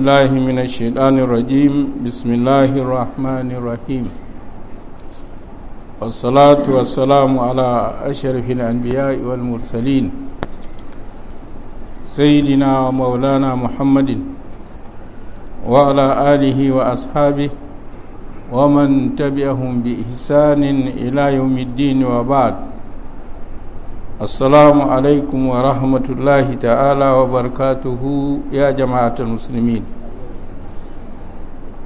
الله من الشيطان الرجيم بسم الله الرحمن الرحيم والصلاة والسلام على أشرف الأنبياء والمرسلين سيدنا ومولانا محمد وعلى آله وأصحابه ومن تبعهم بإحسان إلى يوم الدين وبعد assalamu alaikum wa rahmatullahi ta'ala wa barkatuhu ya jama'atul musulmin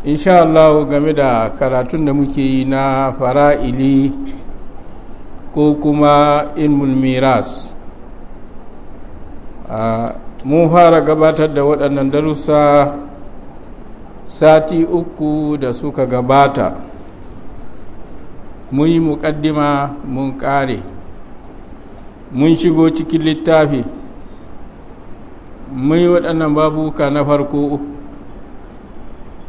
insha Allah game da karatun da muke yi na fara'ili ko kuma ilmul miras mun mu fara gabatar da waɗannan darussa sati uku da suka gabata mun yi muƙaddima mun ƙare mun shigo cikin littafi mai waɗannan babuka na farko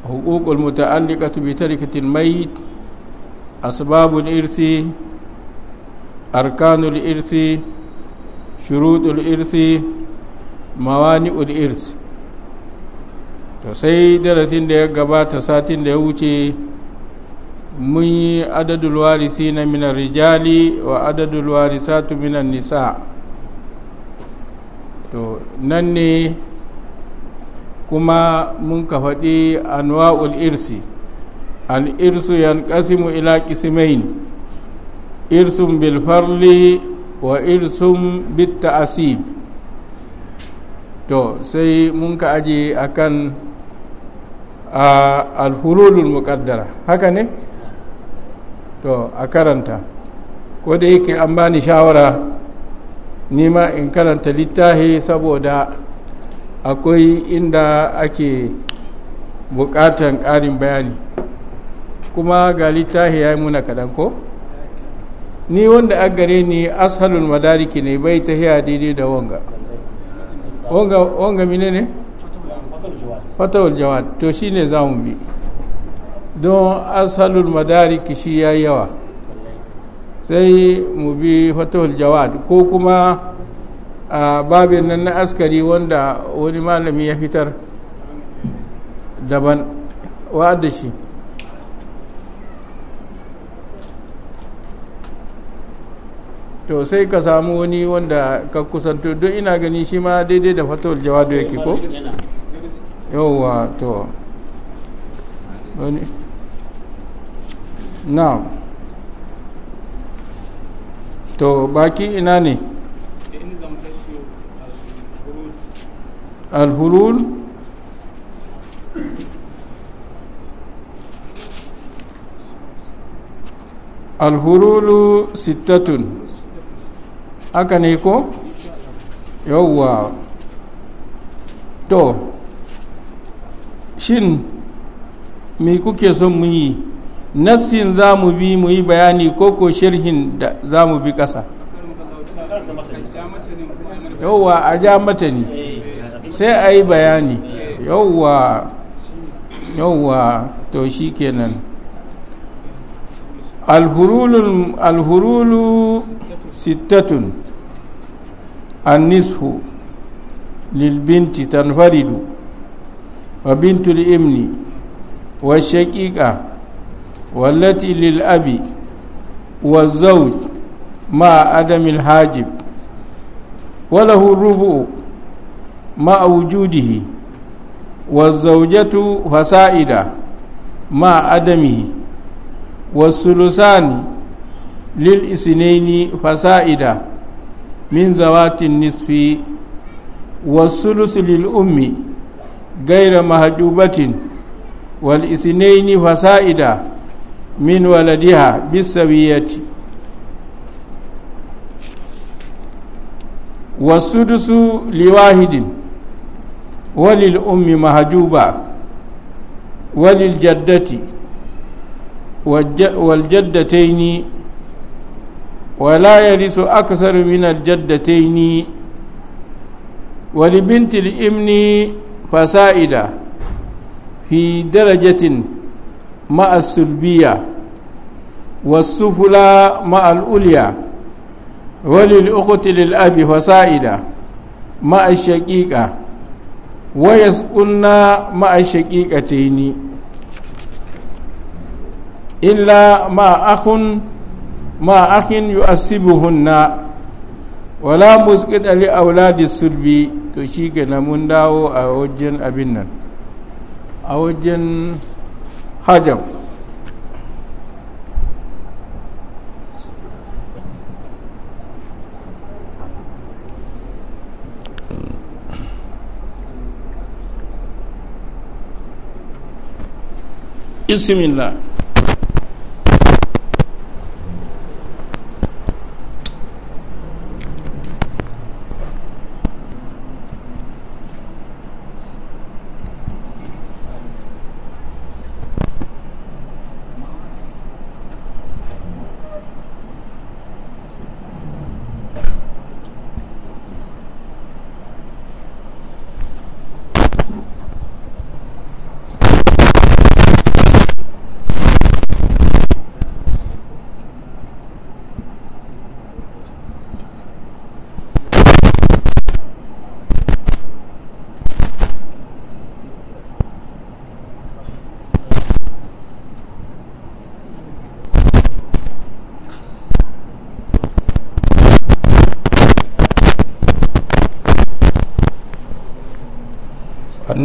hukukul muta'alliqatu bi tarikatil mayit asbabul irsi arkanul irsi shurutul irsi mawani'ul irsi to sai darasin da ya gabata satin da ya wuce mun yi adadul warisi na minar rijali wa adadul warisatu minan nisa to nan ne kuma mun ka faɗi anwa'ul irsi yan yanqasimu ila qismain irsun bil farli wa irsun bitta ta'asib to sai mun ka aje akan alhululul muƙaddara haka ne to a karanta ko da yake an bani shawara nima in karanta littafi saboda akwai inda ake bukatan ƙarin bayani kuma ga littafi ya yi muna kaɗan ko? ni wanda a gare ni asalin madariki ne bai ta hiya daidai da wanga wanga mine ne? fatawar jawad to shi ne za mu bi don asalul madariki shi ya yawa sai mu bi fatahul jawad ko kuma a babin nan na askari wanda wani malami ya fitar daban wa'adda shi to sai ka samu wani wanda ka kusanto don ina gani shi ma daidai da fatawar jawad yake ko yawwa to wani na to baki ina ne alhulul alhululu sittatun haka ne ko yawwa to shin me kuke son muyi. yi nassin za mu bi mu yi bayani ko ko sharhin da za mu bi ƙasa yauwa a ja mata ne sai a yi bayani yauwa yauwa to shi kenan alhurulu sittatun annisfu lilbinti tanfaridu wa bintul imni wa shaƙiƙa والتي للأب والزوج مع عدم الحاجب وله الربع مع وجوده والزوجة فسائدة مع عدمه والثلثان للإسنين فسائدة من ذوات النصف والثلث للأم غير مهجوبة والإسنين فسائدة min waladiha bisawiyati wasudusu liwahidin walil ummi mahjuba walil jaddati wal jaddataini wala yarisu aksaru min al jaddataini walibinti limni fasaida fi darajatin مع السلبية والسفلى مع الأوليا وللأخت للأب فسائدة مع الشقيقة ويسكن مع الشقيقتين إلا مع أخ مع أخ يؤسبهن wala musqit ali auladi sulbi to shi ga mun dawo a wajen abin nan a wajen Hacım. İsmillah.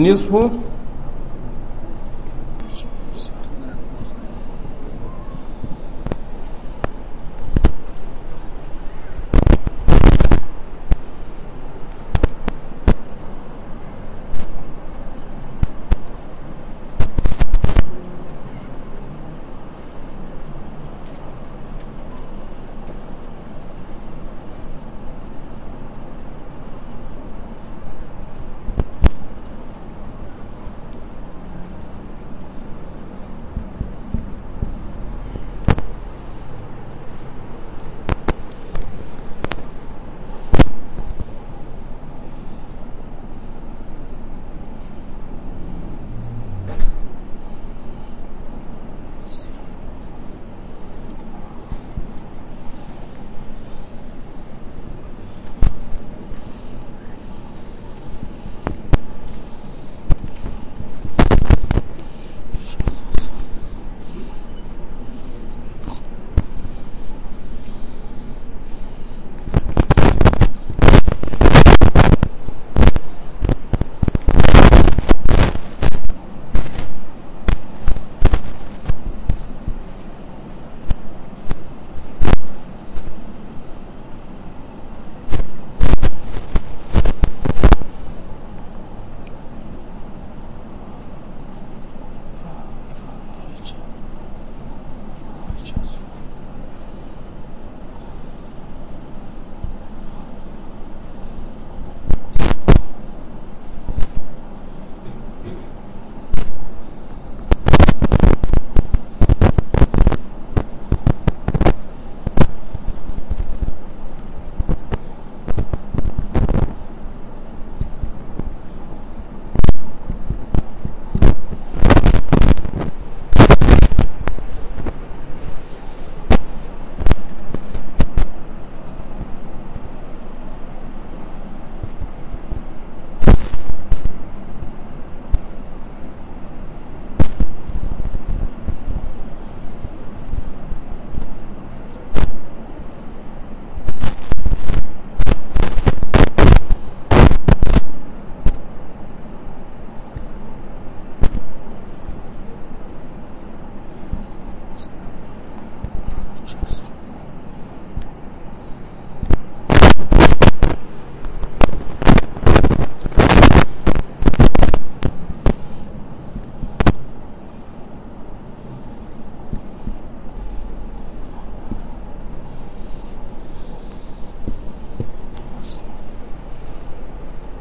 nisfu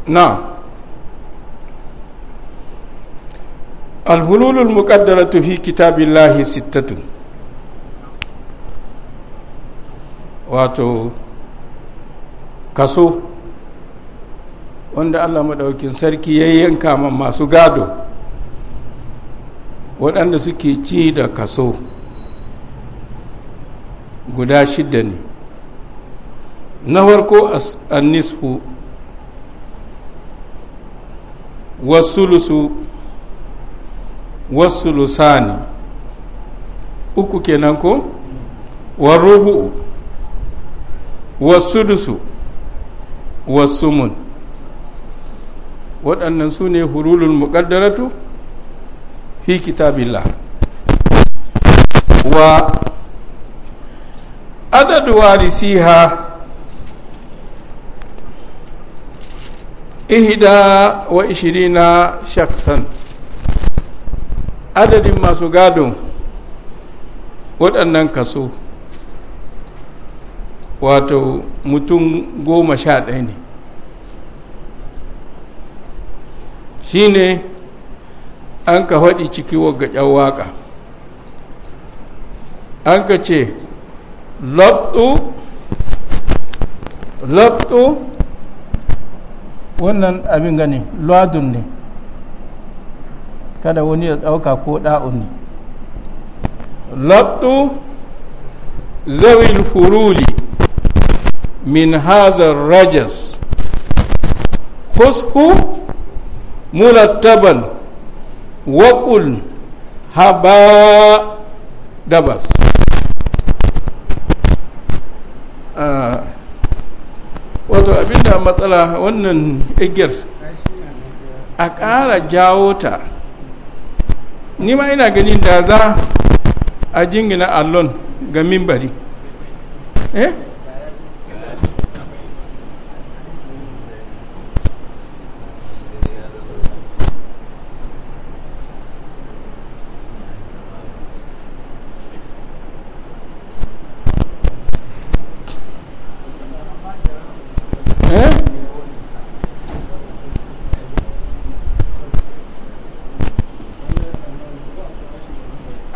na alhululul muqaddaratu fi kitabillahi sittatu wato kaso wanda allah maɗaukin sarki ya yanka ma masu gado waɗanda suke ci da kaso guda shidda ne na farko annisfu wasulusu wasulusani uku kenan ko warubu wasudusu wasumun waɗannan su ne hurulun muƙaddaratu fi kitabillah wa adadu warisiha ihda wa ishirina shaksan adadin masu gado waɗannan kaso wato mutum goma sha ɗaya ne shi ne an ka faɗi ciki wagga waƙa an ka ce labtu labtu wannan abin gani ladun ne kada wani ya ɗauka ko ɗa'un ne labdu zawil furuli min hazar rajas خسه mulattaban وقل haba dabas آه ah. wato abinda matsala wannan igiyar a ƙara jawo ta ni ma ina ganin da za a jingina allon ga mimbari eh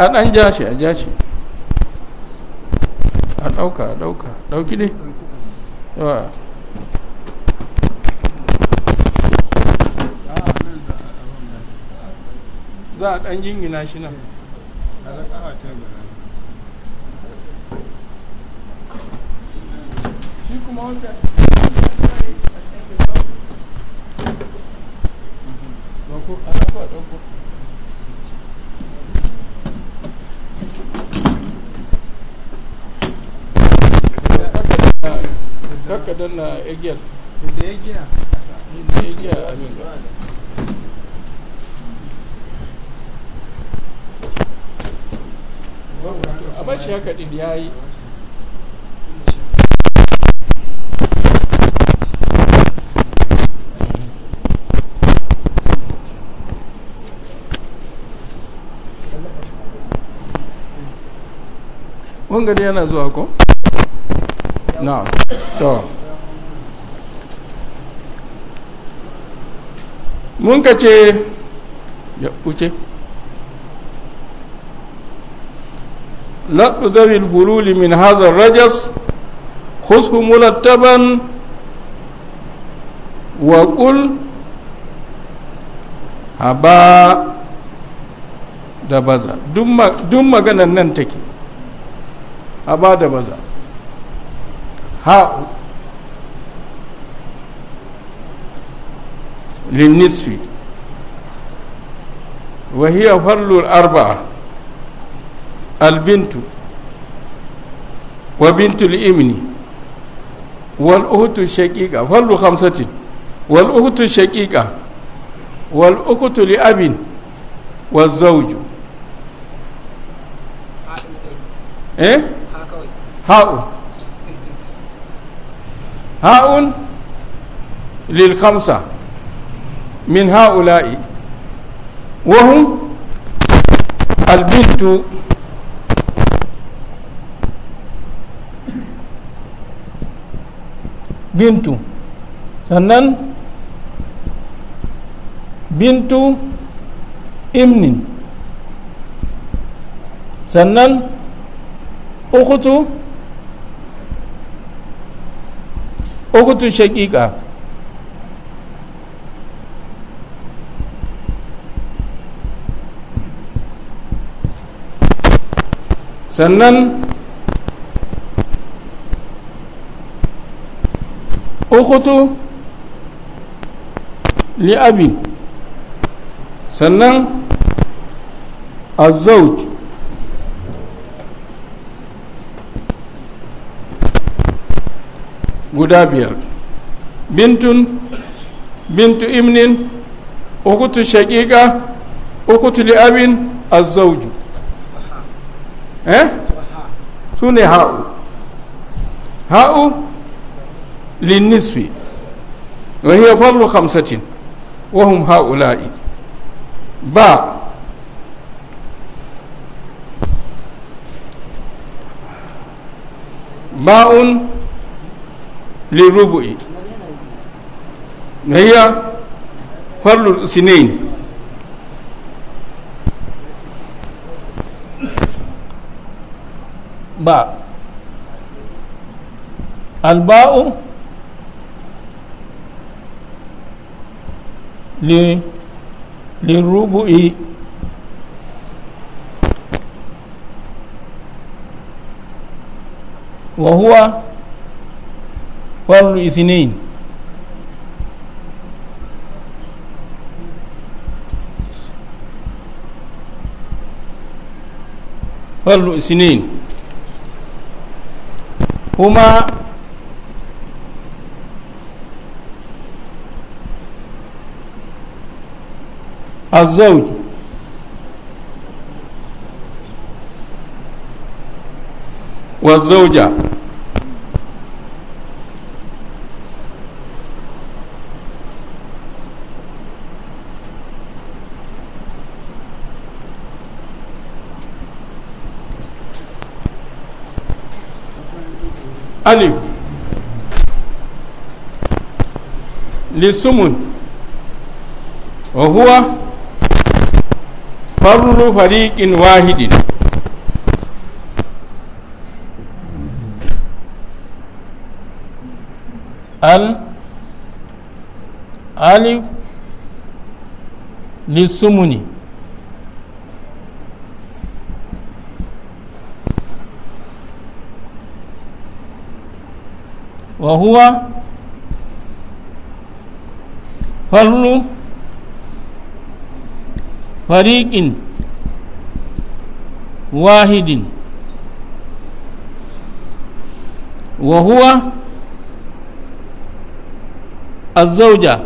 a ɗan ja shi a ja shi a ɗauka a ɗauka ɗauki ne yawa za a ɗan jingina shi nan shi kuma wata ko a ɗauko a ɗauko kakka danna igiyar da da amin a bashi haka din ya yi yana zuwa ko? na to mun ka ce ya kuce, laɗu zabil hululi min hazar rajas hushu mulattaban wa ƙul haba da baza dun maganan nan take haba da baza ها للنصف وهي فرل الأربعة البنت وبنت الإبن والأخت الشقيقة فرل خمسة والأخت الشقيقة والأخت لأب والزوج إيه؟ هاو هاء للخمسة من هؤلاء وهم البنت بنت سنن بنت ابن سنن أخته ukutun shaƙiƙa sannan ukutu li'abi sannan azauj guda biyar bintun bintu imnin ukutu shaƙiƙa ukutu li'abin azzauju eh su ne ha'u ha'u linnisfi wa hiya farru khamsatin wa hum ha'ula'i ba ba'un lirubu'i هي فرل السنين باء الباء للربع وهو قالوا اثنين قالوا اثنين هما الزوج والزوجة alif lissumun wa huwa farru fariƙin wahidin al alif lissumuni وهو فرل فريق واحد وهو الزوجة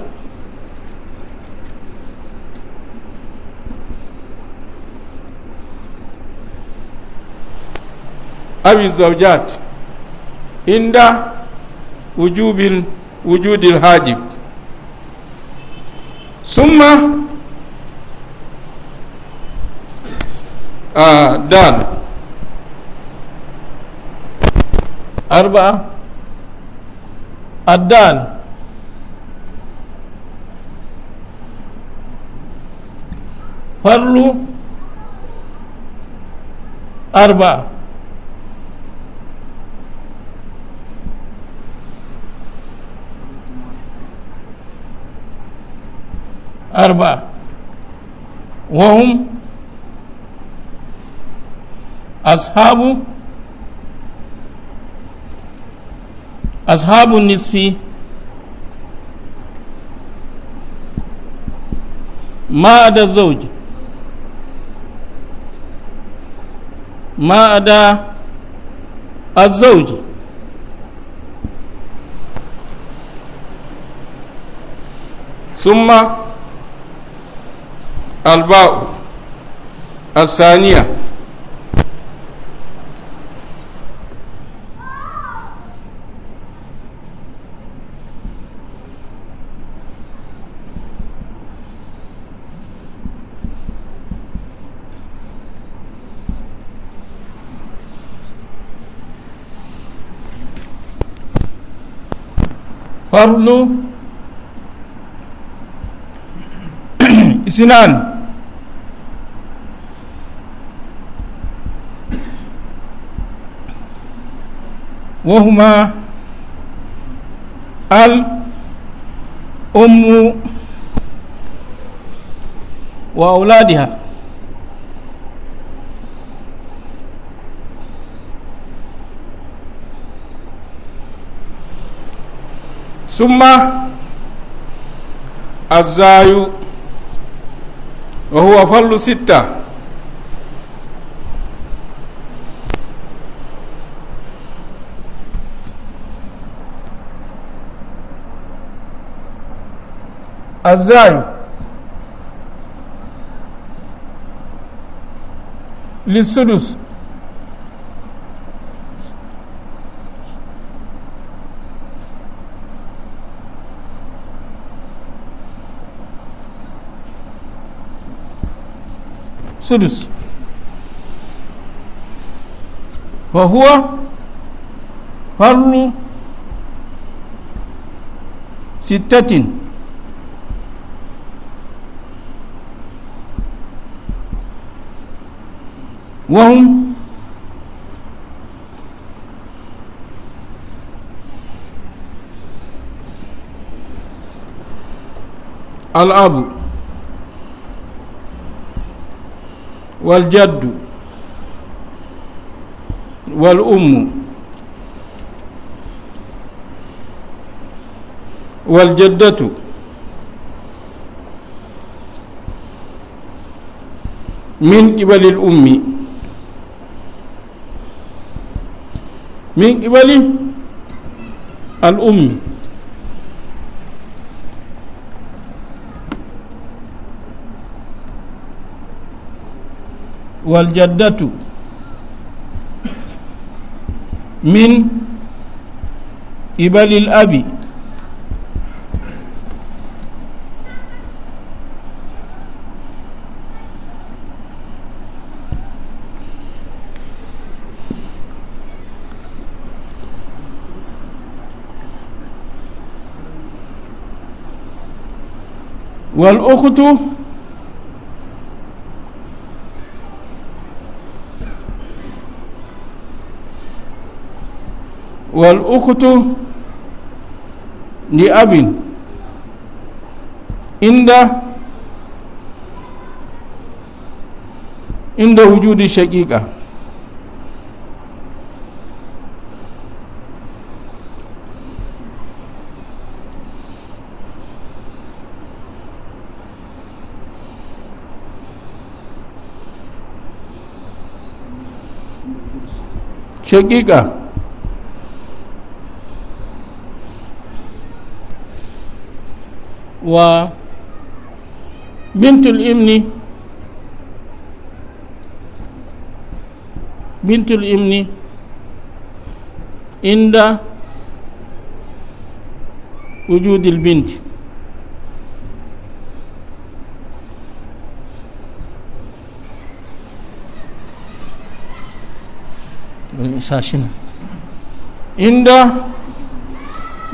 أو الزوجات عند وجوب وجود الحاجب ثم آه دال أربعة الدال فرلو أربعة أربعة وهم أصحاب أصحاب النصف ما عدا الزوج ما عدا الزوج ثم الباء الثانية فرض اسنان وهما الأم وأولادها ثم الزاي وهو فل سته الزاني للسدس سدس وهو فرن ستة وهم الأب والجد والأم والجدة من قبل الأم من قبل الأم والجدة من قبل الأب والأخت والأخت لأب عند عند وجود شقيقه شقيقة وبنت الإمن بنت الإمن عند وجود البنت ساشنا عند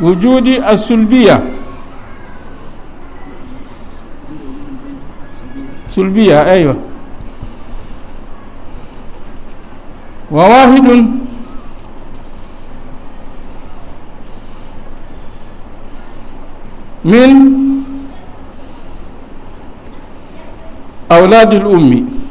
وجود السلبية سلبية أيوة وواحد من أولاد الأم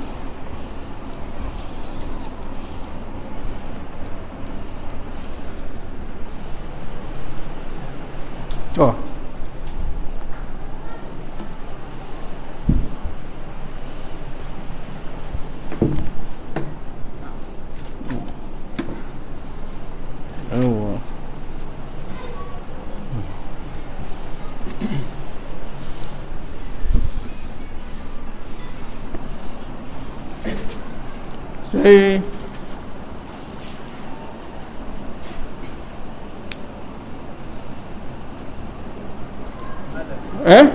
eh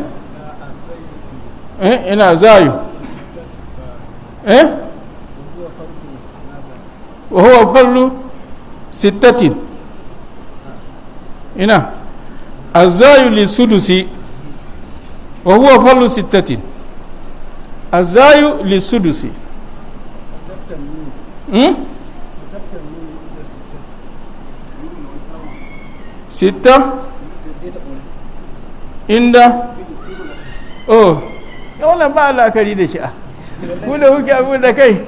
eh ina zayu eh wa huwa fardu sittatin ina azayu li sudusi wa huwa fardu sittatin azayu li sudusi hmm? ستة inda oh wannan ba la'akari da shi a ah. ku da kuke abu da kai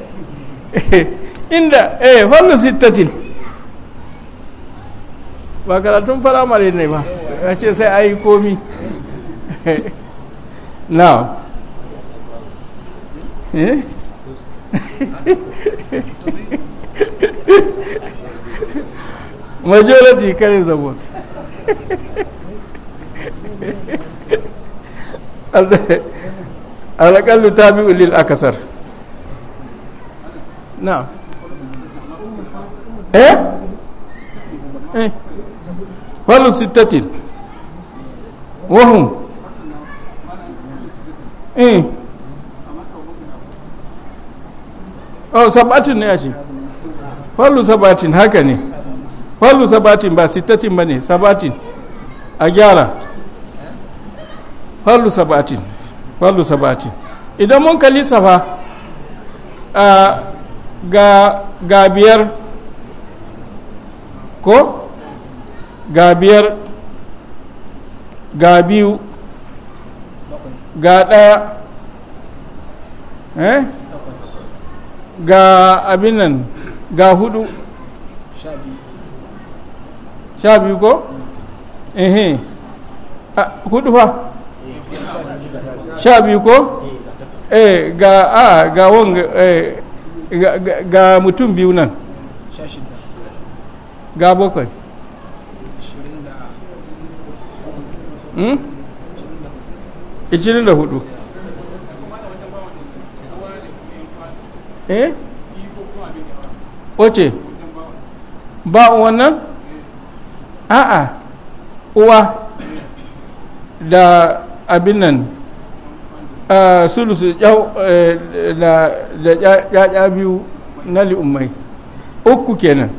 inda eh wannan sittatin ba karatun firamare ne ba ya ce sai a yi komi now eh majority kare zabot alaƙallu ta bi ulil akasar na eh, eh. sittatin a eh. oh, ne walu ba sittatin ba ne sabatin a gyara farlu sabatin farlu sabatin idan mun kalli safa a ga gabiyar ko ga biyar ga biyu ga ɗaya eh? ga abinan ga hudu sha biyu ko? ehe hudu fa sha biyu ko eh ga a ga wanga eh ga mutum biyu nan ga bakwai hmm? ishirin da hudu eh wace ba wannan a'a uwa da abin nan sulusu eh, da ya biyu na li'ummai uku kenan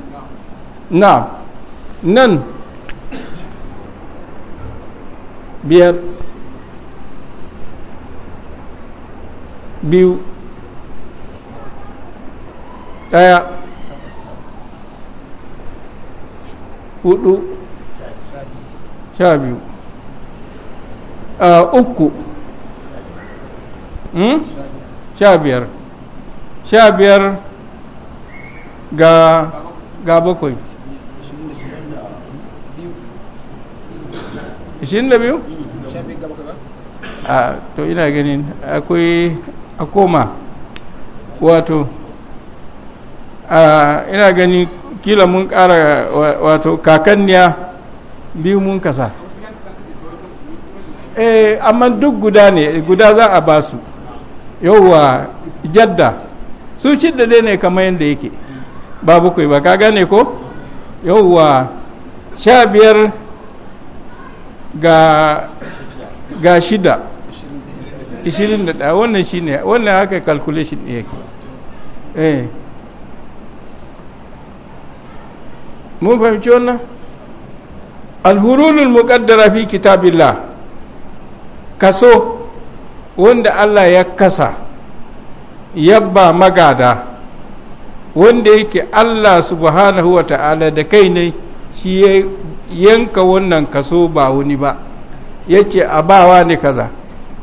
na nan biyar biyu ɗaya hudu sha biyu Eh, uku hmm? sha biyar sha biyar ga ga bakwai ishirin da biyu a ah, to ina ganin akwai a koma wato ah, ina ganin kila mun kara wato kakanniya biyu mun kasa Eh, amma duk guda ne eh, guda za a ba su yauwa jadda su da ne kamar yadda yake ba bakwai ba ka gane ko yauwa sha biyar ga shida ishirin da ɗaya wannan shi ne wannan haka calculation ɗaya yake eh mun fahimci wannan alhurulun muƙaddara fi kitabillah kaso wanda allah ya kasa yabba magada wanda yake allah subhanahu wa ta'ala da kai ne shi ya yanka wannan kaso ba wani ba ya ce abawa ne kaza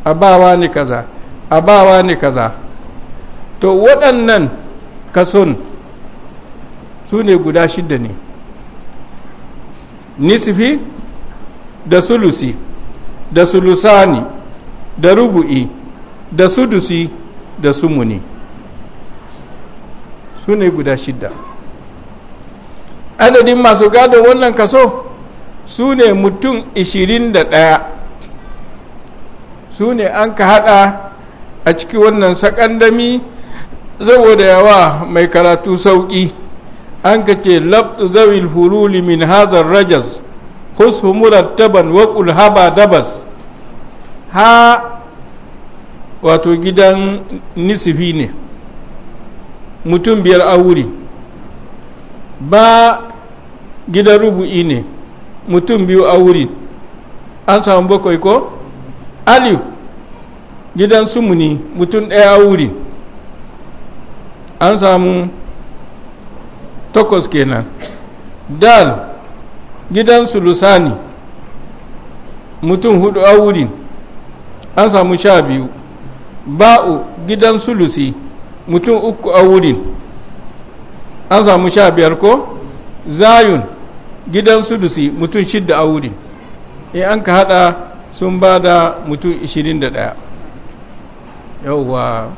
abawa ne kaza abawa ne kaza to waɗannan kason su ne guda shida ne nisifi da sulusi da sulusani da rubu'i da sudusi da sumuni su ne guda shidda adadin masu gado wannan kaso su ne mutum 21 su ne an ka hada a ciki wannan sakandami saboda yawa mai karatu sauki an ka ce zawi fululi min hazar rajas taban مرتبا وقل haba dabas ha wato gidan nisifi ne mutum biyar a wuri ba gidan rubu'i ne mutum biyu a wuri an samu bakwai ko alif gidan sumuni mutum ɗaya a wuri an samu takwas kenan dal gidansu lusani mutum hudu a wurin an samu sha biyu ba'u gidan sulusi mutum uku a wurin an samu sha biyar ko zayun gidan sulusi mutum shidda a wurin in an ka hada sun ba da mutum ishirin da daya yauwa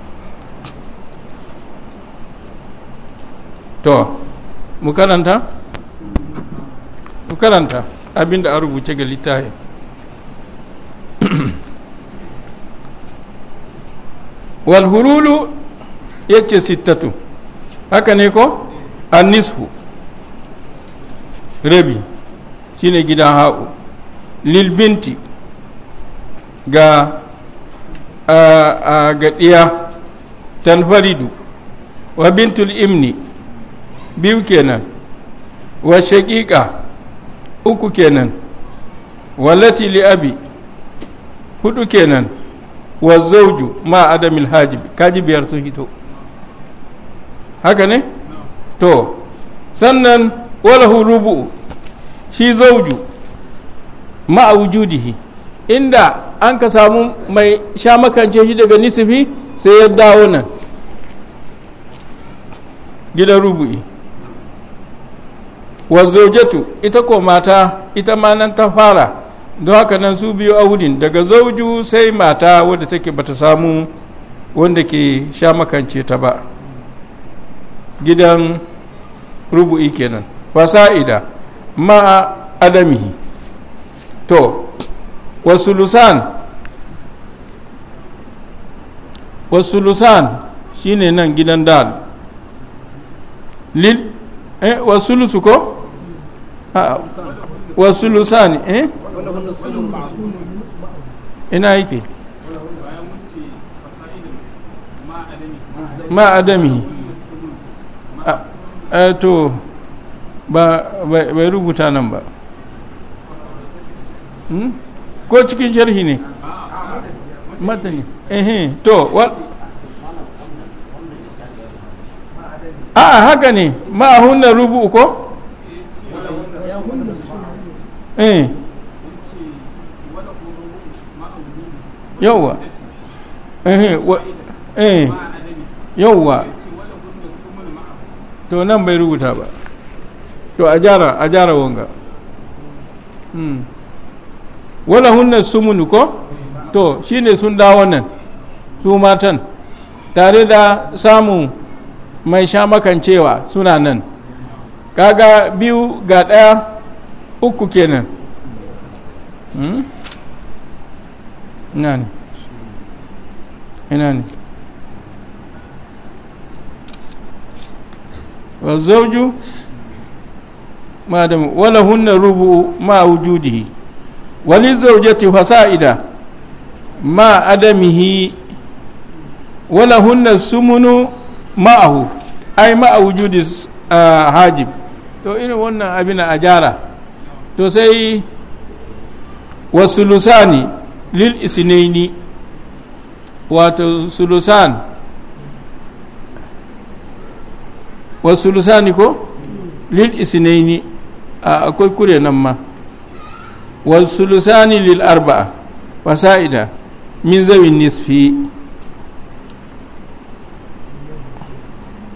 to mu karanta ku karanta abin da an rubuce ga littafi walhululu ya ce sittatu haka ne ko annisu rabi shine gidan ha'u lilbinti ga a gaɗiya tanfaridu wa bintul imni biyu kenan wa shaƙiƙa uku kenan wallati li abi hudu kenan wa zauju ma adamil hajib kaji biyar sun hito haka ne to sannan walahu rubu shi zauju ma a wujudihi inda an ka samu mai sha makance shi daga nisifi sai ya dawo nan gidan rubu'i wa ita ko mata ita ma nan ta fara don haka nan su biyu audin daga zauju sai mata wadda take bata samu wanda ke sha makance ta ba gidan rubu'i kenan fasa'ida ma'a adamihi to wasu lusan wasu lusan shine nan gidan dal lil eh wasu lusu ko Ah, wasu lusani eh ina yake ma adami a ah, eh, to bai rubuta nan ba hmm? ko cikin sharhi ne matani ehe to a ah, haka ne ma hunna rubu ko eh eh, eh. to nan bai rubuta ba to a jara a jara wanga hmm. wala hunna sumunu ko to shine sun dawo nan su matan tare da samu mai sha makancewa suna nan kaga biyu ga daya. uku kenan hmm? ina ne ina ne wazauju madam wala hunna rubu ma wujudihi wali zaujati fasa'ida ma adamihi wala hunna sumunu ma'ahu ai ma wujudi hajib to irin wannan abin a jara to sai wasu lusani lil isnaini wato sulusan wasu lusani ko lil isnaini akwai kure nan ma wasu lusani lil arba'a fasa'ida min zawin nisfi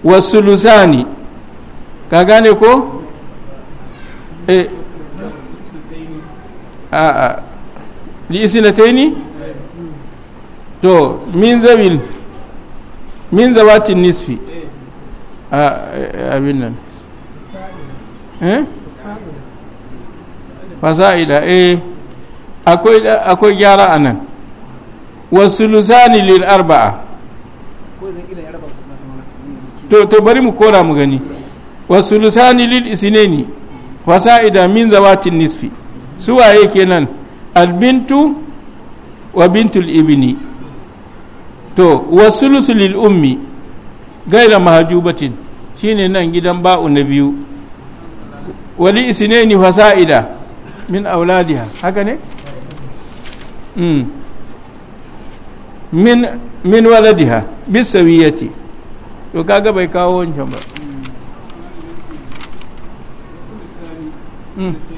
wasu lusani ka gane ko eh a'a li isnataini to min zawil min zawati nisfi a abin nan eh fasa'ida eh akwai akwai gyara anan wasu lusani lil arba'a to to bari mu kora mu gani wasu lusani lil isnaini fasa'ida min zawati nisfi su waye kenan albintu wa bintul ibni to wa sulusulil ummi gaira mahajubatin shine nan gidan ba'u na biyu wali isneni fasa'ida min auladiha haka ne mm. min min waladiha bisawiyati to kaga bai kawo wancan ba mm.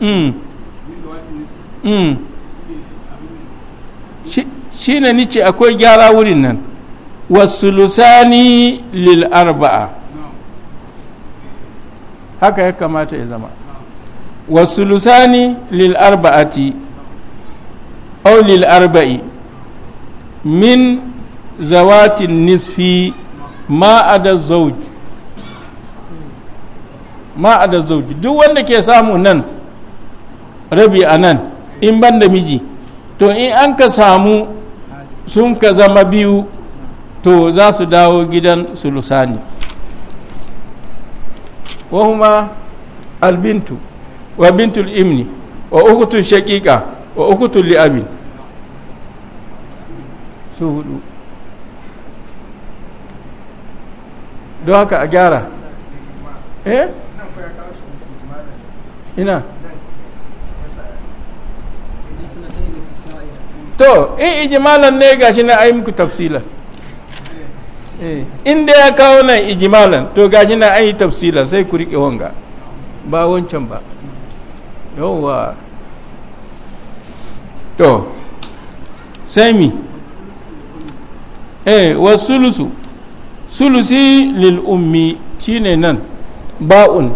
Mm. Mm. shi ne ce akwai gyara wurin nan wasu lusani lil arba'a haka ya kamata ya zama wasu lusani lil arba'ati au lil arba'i min zawatin nisfi ma'adar zauji duk wanda ke samu nan rabi a nan in ban da miji to in an ka samu sun ka zama biyu to za su dawo gidan sulusani wahuma albintu wa bintul imni wa ukutun shakika wa ukutun li'abin su hudu don haka a gyara eh ina to in ijimalan ne gashi na ayi muku tafsila eh, in da ya kawo nan ijimalan to gashi na ayi tafsila sai ku riƙe wanga ba wancan ba yawwa to sai mi eh wasulusu sulusi lil ummi shine nan ba'un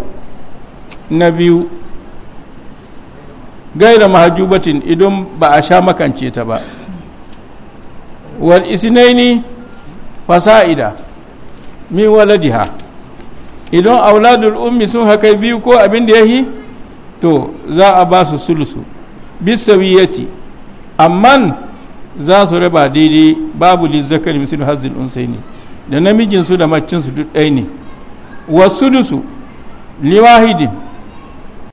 na biyu gaira mahajubatin idan ba a sha makance ta ba wal isnaini fasa'ida min waladiha idan auladul ummi sun haka biyu ko abin da yahi to za a ba su sulusu bisawiyati amman za su raba daidai babu lizzakar hazin unsaini da namijinsu da macinsu duk ɗaya ne wasu dusu liwahidin